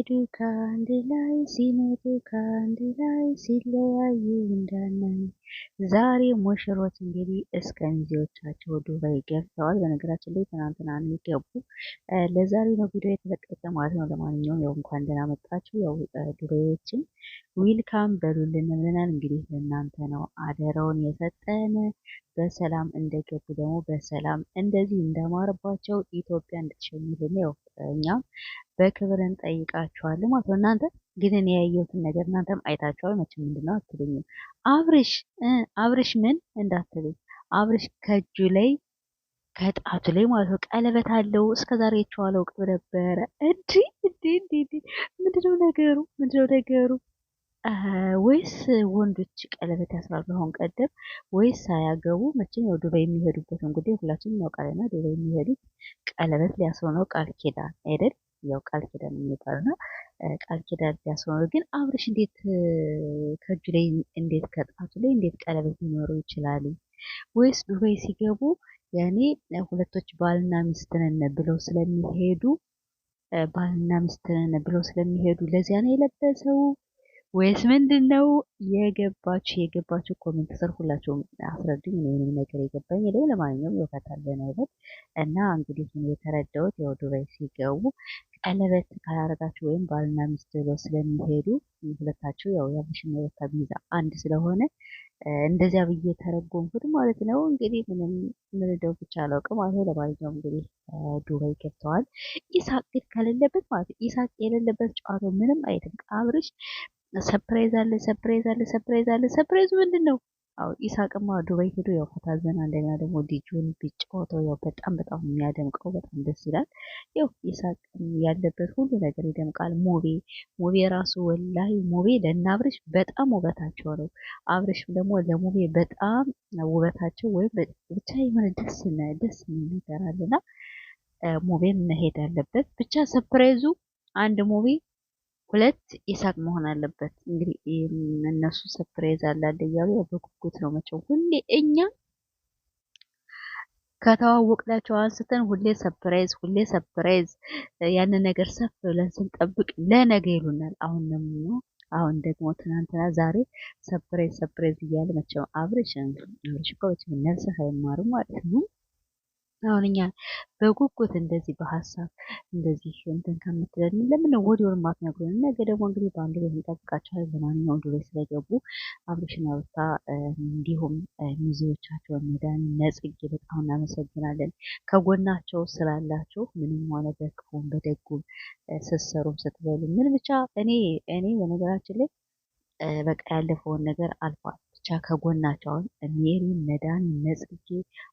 Sinedu kandilai, sinedu kandilai, siloa yundanai. ዛሬ ሙሽሮች እንግዲህ እስከ ሚዜዎቻቸው ዱባይ ገብተዋል። በነገራችን ላይ ትናንትና ነው የገቡ። ለዛሬ ነው ቪዲዮ የተለቀቀ ማለት ነው። ለማንኛውም ያው እንኳን ደህና መጣችሁ። ያው ዱባዮችን ዊልካም በሉልን ብለናል። እንግዲህ ለእናንተ ነው አደራውን የሰጠን። በሰላም እንደገቡ ደግሞ በሰላም እንደዚህ እንደማርባቸው ኢትዮጵያ እንድትሸኙልን ያው እኛም በክብር እንጠይቃችኋለን ማለት ነው። እናንተ ግን እኔ ያየሁትን ነገር እናንተም አይታችኋል መቼም ምንድነው አትሉኝም አብርሽ አብርሽ ምን እንዳትለኝ አብርሽ ከእጁ ላይ ከጣቱ ላይ ማለት ነው ቀለበት አለው። እስከ ዛሬ የቸዋለው ቅብ ነበረ። እንዲ እንዲ እንዲ እንዲ ምንድነው ነገሩ? ምንድነው ነገሩ? ወይስ ወንዶች ቀለበት ያስራሉ አሁን ቀደም ወይስ ሳያገቡ መቼም ያው ዱባይ የሚሄዱበት እንግዲህ ሁላችን እናውቃለና ዱባይ የሚሄዱት ቀለበት ሊያስሩ ነው። ቃል ኪዳን አይደል? ያው ቃል ኪዳን የሚባል ነው። ቃል ኪዳን ቢያስሆኑ ግን አብርሽ እንዴት ከእጁ ላይ እንዴት ከጣቱ ላይ እንዴት ቀለበት ሊኖሩ ይችላሉ? ወይስ ዱባይ ሲገቡ ያኔ ሁለቶች ባልና ሚስት ነን ብለው ስለሚሄዱ ባልና ሚስት ነን ብለው ስለሚሄዱ ለዚያ ነው የለበሰው ወይስ ምንድን ነው? የገባችሁ የገባችሁ ኮሜንት ስር ሁላችሁም አስረዱኝ። እኔ ምንም ነገር የገባኝ የለም። ለማንኛውም ይወካታለን አይነት እና እንግዲህ የተረዳሁት ያው ዱባይ ሲገቡ ቀለበት ካላረጋችሁ ወይም ባልና ሚስት ብለው ስለሚሄዱ ሁለታቸው ያው የአብርሽና የሩታ ቤዛ አንድ ስለሆነ እንደዚያ ብዬ ተረጎምኩት ማለት ነው። እንግዲህ ምንም ምን እንደው ብቻ አላውቅም ማለት ነው። ለማንኛውም እንግዲህ ዱባይ ገብተዋል። ኢሳቅ ግን ከሌለበት ማለት ነው። ኢሳቅ የሌለበት ጨዋታው ምንም አይደለም። አብርሽ ሰፕራይዝ አለ፣ ሰፕራይዝ አለ፣ ሰፕራይዝ አለ። ሰፕራይዙ ምንድን ነው? አዎ ኢሳቅማ ዱባይ ሄዶ ያው ፈታ ዘና እንደገና ደግሞ ዲጁን ቢጫወተው ያው በጣም በጣም የሚያደምቀው በጣም ደስ ይላል። ያው ኢሳቅ ያለበት ሁሉ ነገር ይደምቃል። ሞቤ ሞቤ ራሱ ወላይ ሞቤ ለእነ አብርሽ በጣም ውበታቸው ነው። አብርሽም ደግሞ ለሞቤ በጣም ውበታቸው ወይም ብቻ የሆነ ደስ ደስ ነገር አለና መሄድ አለበት። ብቻ ሰፕራይዙ አንድ ሞቤ ሁለት ኢሳቅ መሆን አለበት። እንግዲህ እነሱ ሰፕራይዝ አላለ እያሉ በጉጉት ነው መቼም ሁሌ እኛ ከተዋወቅናቸው አንስተን ሁሌ ሰፕራይዝ ሁሌ ሰፕራይዝ ያንን ነገር ሰፍ ብለን ስንጠብቅ ለነገ ይሉናል። አሁን ደግሞ አሁን ደግሞ ትናንትና ዛሬ ሰፕራይዝ ሰፕራይዝ እያለ መቼም አብርሽ አብርሽ እኮ መቼም ነፍስህ አይማርም ማለት ነው። አሁን እኛ በጉጉት እንደዚህ በሀሳብ እንደዚህ እንትን ከምትለን ለምን ነው ወዲያውኑ ማትነግሩን? ነገ ደግሞ እንግዲህ በአንድ ላይ እንጠብቃቸዋል። ለማንኛውም ዱቤ ስለገቡ አብሬሽና ሩታ እንዲሁም ሚዜዎቻቸውን መዳን ነጽጌ በጣም እናመሰግናለን። ከጎናቸው ስላላቸው ምንም ሆነ በክፉም በደጉም ስትሰሩም ስትበሉ ምን ብቻ እኔ እኔ በነገራችን ላይ በቃ ያለፈውን ነገር አልፏል። ከጎናቸው አሁን ሜሪ መዳን መጽጌ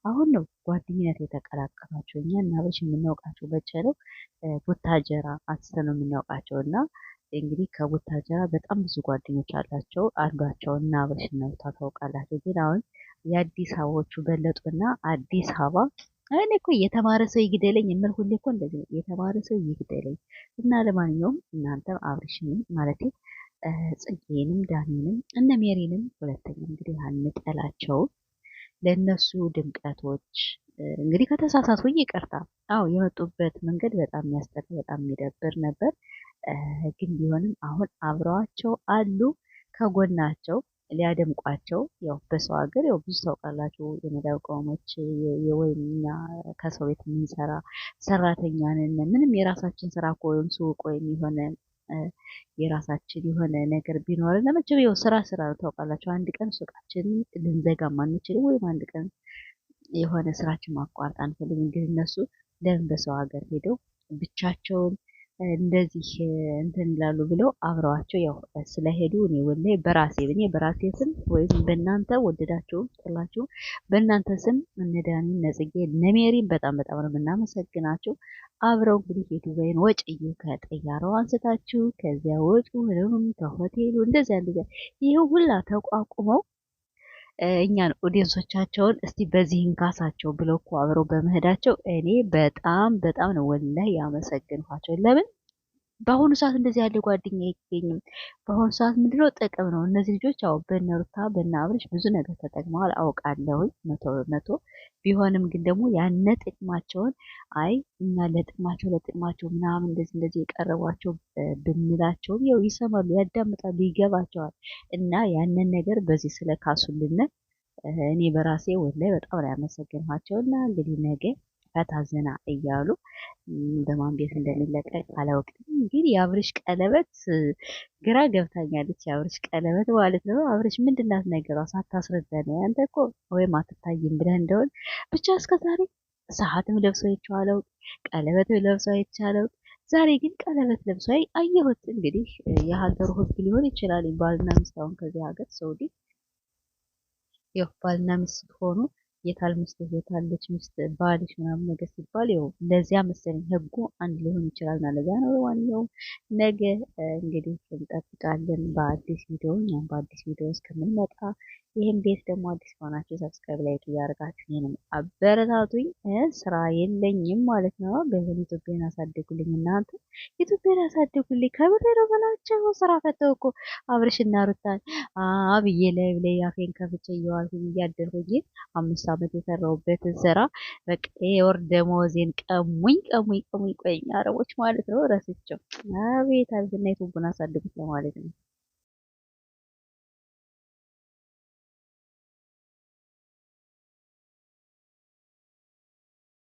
አሁን ነው ጓደኝነት የተቀላቀሏቸው። እኛ እና በሽ የምናውቃቸው በቸለው ቡታጀራ አስተ ነው የምናውቃቸው እና እንግዲህ ከቡታጀራ በጣም ብዙ ጓደኞች አላቸው። አንዷቸው እና በሽ ነው ታውቃላቸው። ግን አሁን የአዲስ አበባዎቹ እና አዲስ አበባ እኔ እኮ የተማረ ሰው ይግደለኝ የምል ሁሌ እኮ እንደዚህ ነው። የተማረ ሰው ይግደለኝ እና ለማንኛውም እናንተም አብርሽንም ማለት ጽጌንም ዳኔንም እነ ሜሪንም ሁለተኛ እንግዲህ አንጠላቸውም። ለእነሱ ድምቀቶች እንግዲህ ከተሳሳትኩኝ ይቅርታ። አዎ የመጡበት መንገድ በጣም የሚያስጠላ በጣም የሚደብር ነበር። ግን ቢሆንም አሁን አብረዋቸው አሉ ከጎናቸው ሊያደምቋቸው ያው በሰው ሀገር ያው ብዙ ታውቃላችሁ፣ የመዳብ ቅመሞች የወይኛ ከሰው ቤት የምንሰራ ሰራተኛ ነን። ምንም የራሳችን ስራ እኮ ወይም ሱቅ ወይም የሆነ የራሳችን የሆነ ነገር ቢኖረን ለመቼም ያው ስራ ስራ ነው ታውቃላችሁ። አንድ ቀን ሱቃችን ልንዘጋ ማንችል ወይም አንድ ቀን የሆነ ስራችን ማቋረጥ አንፈልግም። ግን እነሱ ለምን በሰው ሀገር ሄደው ብቻቸውን እንደዚህ እንትን ይላሉ ብለው አብረዋቸው ያው ስለሄዱ እኔ ወላሂ በራሴ እኔ በራሴ ስም ወይም በእናንተ ወደዳችሁም ጥላችሁም በእናንተ ስም እነ ነጽጌ ነሜሪን በጣም በጣም ነው የምናመሰግናቸው። አብረው እንግዲህ የዱባይን ወጪ ከጠያራው አንስታችሁ ከዚያ ወጪ ምንም ከሆቴሉ እንደዚያ እንደዚያ ይህ ሁላ ተቋቁመው እኛን ኦዲየንሶቻቸውን እስቲ በዚህ እንካሳቸው ብለው እኮ አብረው በመሄዳቸው እኔ በጣም በጣም ነው ወላሂ ያመሰግንኋቸው። ለምን በአሁኑ ሰዓት እንደዚህ ያለ ጓደኛ አይገኝም። በአሁኑ ሰዓት ምንድነው ጥቅም ነው። እነዚህ ልጆች አዎ በነ ሩታ አብርሽ ብዙ ነገር ተጠቅመዋል አውቃለሁ፣ መቶ በመቶ ቢሆንም ግን ደግሞ ያነ ጥቅማቸውን አይ እኛ ለጥቅማቸው ለጥቅማቸው ምናምን እንደዚህ እንደዚህ የቀረቧቸው ብንላቸውም ያው ይሰማሉ፣ ያዳምጣሉ፣ ይገባቸዋል እና ያንን ነገር በዚህ ስለካሱልን እኔ በራሴ ወላይ በጣም ነው ያመሰገንኋቸው እና እንግዲህ ነገ ፈታ ዘና እያሉ በማን ቤት እንደሚለቀቅ አላውቅም። ግን የአብርሽ ቀለበት ግራ ገብታኛለች። የአብርሽ ቀለበት ማለት ነው። አብርሽ ምንድናት ነገሯ? ሳታስረዳ ነው ያንተ እኮ ወይም አትታይም ብለህ እንደሆን ብቻ እስከዛሬ ሰዓትም ለብሶ ይቻለው ቀለበትም ለብሶ ይቻለው ዛሬ ግን ቀለበት ለብሶ አየሁት። እንግዲህ የሀገሩ ሕግ ሊሆን ይችላል። ባልና ሚስት አሁን ከዚህ ሀገር ሰውዲ ያው ባልና ሚስት ሆኑ የታል ሚስትህ የታለች ሚስት ባልሽ ምናምን ነገር ሲባል ው ለዚያ መሰለኝ ህጉ አንድ ሊሆን ይችላል ና ለዚያ ነው ዋናው። ነገ እንግዲህ እንጠብቃለን በአዲስ ቪዲዮ። እኛም በአዲስ ቪዲዮ እስከምንመጣ ይህም ቤት ደግሞ አዲስ ከሆናችሁ ሰብስክራይብ ላይክ እያደርጋችሁ ይህንም አበረታቱኝ። ስራ የለኝም ማለት ነው። በዚህ ኢትዮጵያን ያሳደጉልኝ እናንተ ኢትዮጵያን ያሳደጉልኝ ከብር ነው በላቸው። ስራ ፈተው እኮ አብርሽና ሩታን አብዬ ላይ ብላይ አፌን ከፍቼ እየዋልኩኝ እያደርኩኝ አምስት ዓመት የሰራሁበትን ስራ በቃ የወር ደመወዜን ቀሙኝ ቀሙኝ ቀሙኝ። ቆይኝ አረቦች ማለት ነው። ረስቸው አቤት አብዝና የቱቡን አሳደጉት ለማለት ነው።